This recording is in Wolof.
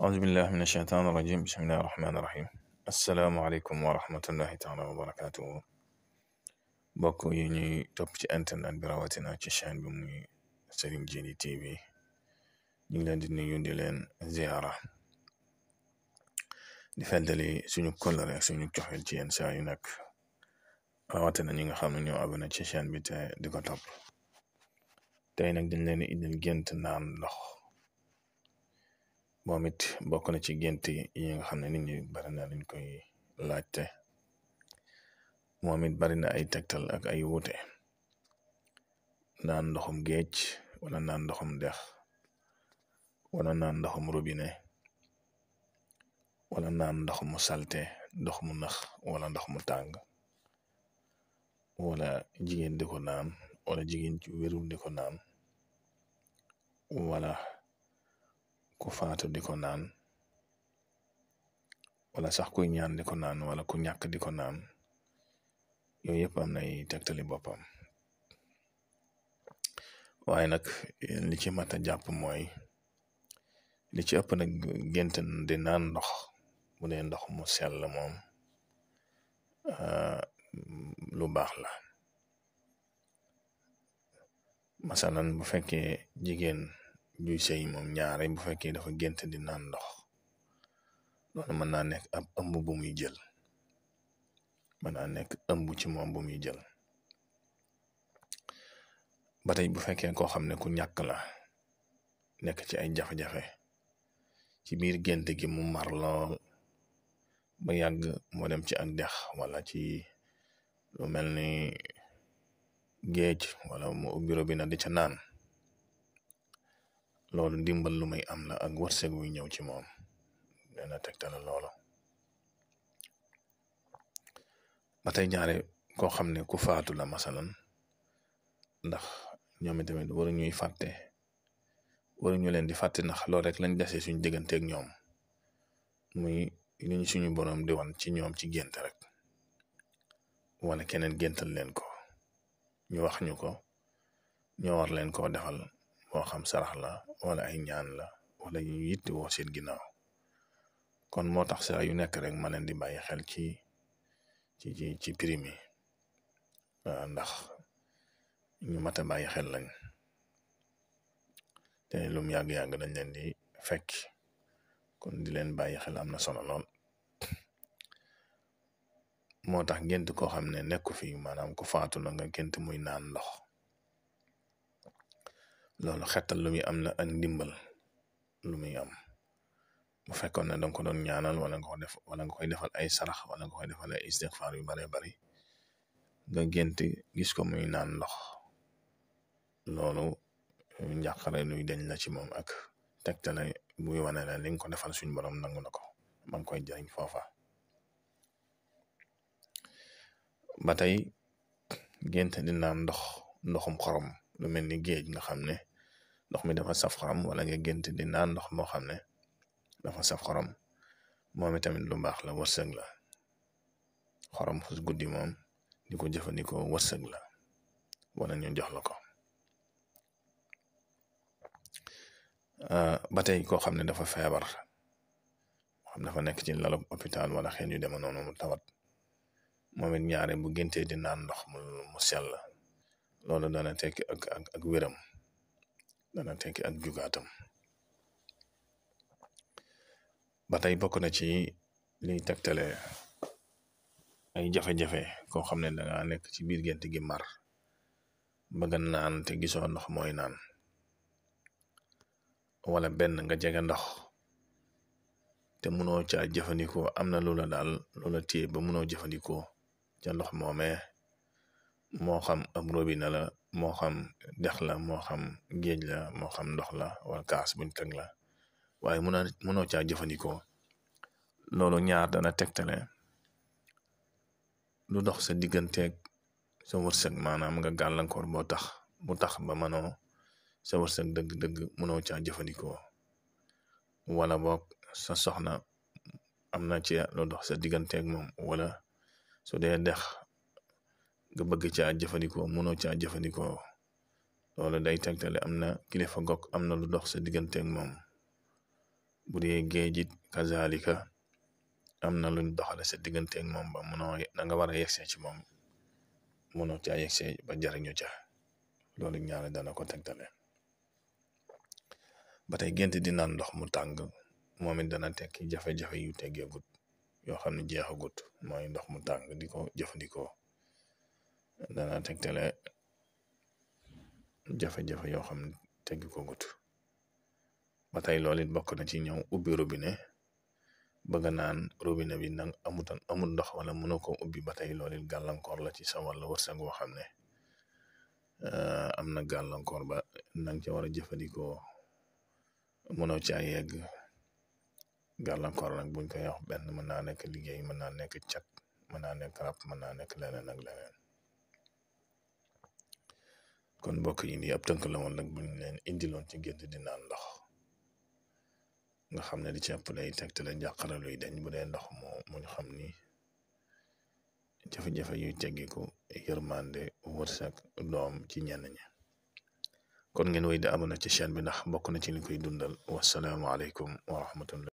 auzubillahi min asheytaan irajim bismillahi irrahmaani irrahim asalaamualeykum wa rahmatullahi taala wa barakatuhu mbokk yi ñuy topp ci internet bi rawatina ci chaîne bi muy Serigne Djily TV ñu ngi leen di nuyu di leen ziara di feddali suñu kóllëre ak suñu coxel ci yen saa yu nag rawatina ñi nga xam ne ñoo abonné ci chaîne bi di ko topp tey nag dañ leen indil gént naan ndox moom it ci gént yi nga xam ne nit bari na luñ koy laajte moom it bari na ay tegtal ak ay wuute naan ndoxum géej wala naan ndoxum dex wala naan ndoxum robine wala naan ndox mu salte ndox mu nax wala ndox mu tàng wala jigéen di ko wala jigéen ci wérul di ko naan wala ku faatu di ko naan wala sax kuy ñaan di ko naan wala ku ñàkk di ko naan yooyu yëpp am nay tegtali boppam waaye nag li ci mat a jàpp mooy li ci ëpp nag gént di naan ndox bu dee ndox mu sell moom ah, lu baax la masalan bu fekke jigéen ñuy sey moom ñaare bu fekkee dafa gént di naan ndox loolu mën naa nekk ab ëmb bu muy jël mën naa nekk ëmb ci moom bu muy jël ba tey bu fekkee koo xam ne ku ñàkk la nekk ci ay jafe-jafe ci biir gént gi mu mar lool ba yàgg moo dem ci ak dex wala ci lu mel ni géej wala mu ubbi robinet di ca naan loolu ndimbal lu muy am la ak wërsëg wuy ñëw ci moom dana tegtala loolu ba tey ñaare koo xam ne ku faatu la masalan ndax ñoom itamit waru ñuy fàtte wara ñu leen di fàtte ndax lool rek lañ dese suñu digganteeg ñoom muy li ñu suñu borom dewal ci ñoom ci gént rek wala keneen géntal leen ko ñu wax ñu ko ñoo war leen koo defal moo xam sarax la wala ay ñaan la wala ñu yitte woo seen ginnaaw kon moo tax saa yu nekk rek ma leen di bàyyi xel ci ci ci ci prime yi ndax ñu mat bàyyi xel lañ te lum yàgg-yàgg dañ leen di fekk kon di leen bàyyi xel am na solo lool moo tax gént koo xam ne nekku fi maanaam ku faatu la nga gént muy naan ndox loolu xettal lumi muy am la ak ndimbal lu muy am bu fekkoon ne da ko doon ñaanal wala nga def wala nga koy defal ay sarax wala nga koy defal ay istixfaar yu bare bari nga gént gis ko muy naan ndox loolu njàqare luy deñ la ci moom ak tegtale buy wane la li nga ko defal suñ borom nangu na ko ma ngi koy jëriñ foofa ba tey gént di naan ndox ndoxum xorom lu mel ni géej nga xam ne ndox mi dafa saf xorom wala nga gént di naan ndox moo xam ne dafa saf xorom moom itamit lu baax la wërsëg la xorom xus guddi moom di ko jëfandikoo wërsëg la wala ñu jox la ko ah, ba koo xam ne dafa feebar xam dafa nekk ci lalu hôpital wala xeen yu deme noonu mu tawat moom it ñaare bu géntee di naan ndox mu mu sell loolu ak ak ak dana tekki ak jugaatam ba tey bokk na ci liy tegtale ay jafe-jafe koo xam ne danga nekk ci biir gént gi mar bëgg naan te gisoo ndox mooy naan wala benn nga jega ndox te munoo caa jëfandikoo am na loola daal loola téye ba munoo jëfandikoo ca ndox moomee moo xam ab robinet la moo xam dex la moo xam géej la moo xam ndox la wala kaas buñ kag la waaye mun a mënoo caa jëfandikoo loolu ñaar dana tegtale lu dox sa digganteeg sa wërsëg maanaam nga gàllankoor boo tax bu tax ba mënoo sa wërsëg dëgg-dëgg mënoo caa jëfandikoo wala boog sa soxna am na ci lu dox sa digganteeg moom wala su dee dex nga bëgg caa jëfandikoo mënoo caa jëfandikoo loolu day tegtale am na kilifa gog am na lu dox sa digganteeg moom bu dee géej kazalika am na luñ doxale sa digganteeg moom ba mënoo da nga war a yegsee ci moom mënoo caa yegsee ba jariñu ca loolu ñaar dana ko tegtale ba te gént di naan ndox mu tàng moom dana tekki jafe-jafe yu teggeegut yoo xam ne jeexagut mooy ndox mu tàng di ko jëfandikoo dana tegtale jafe-jafe yoo xam ne teggi ko gut ba tey loolu it bokk na ci ñëw ubbi robine bëgg naan robine bi nag amut amul ndox wala mënoo ko ubbi ba tey loolu it gàllankoor la ci sa wàll wërsëg woo xam ne eh, am na gàllankoor ba nang ca war a jëfandikoo mënoo caa yegg gàllankoor nag buñ koy wax benn mën naa nekk liggéey mën naa nekk cat mën naa nekk rab mën naa nekk leneen nag leneen kon mbokk yi nii ab tënk la woon nag bu ñu leen indiloon ci gént di naan ndox nga xam ne di ci ëpp day tegtale njàqare luy dañ bu dee ndox moo mu ñu xam ni jafe-jafe yuy teggiku yërmande wërsëg doom ci ñenn ñi kon ngeen wéy di abonné ci chaîne bi ndax bokk na ci li koy dundal wasalaamaaleykum wa rahmatullah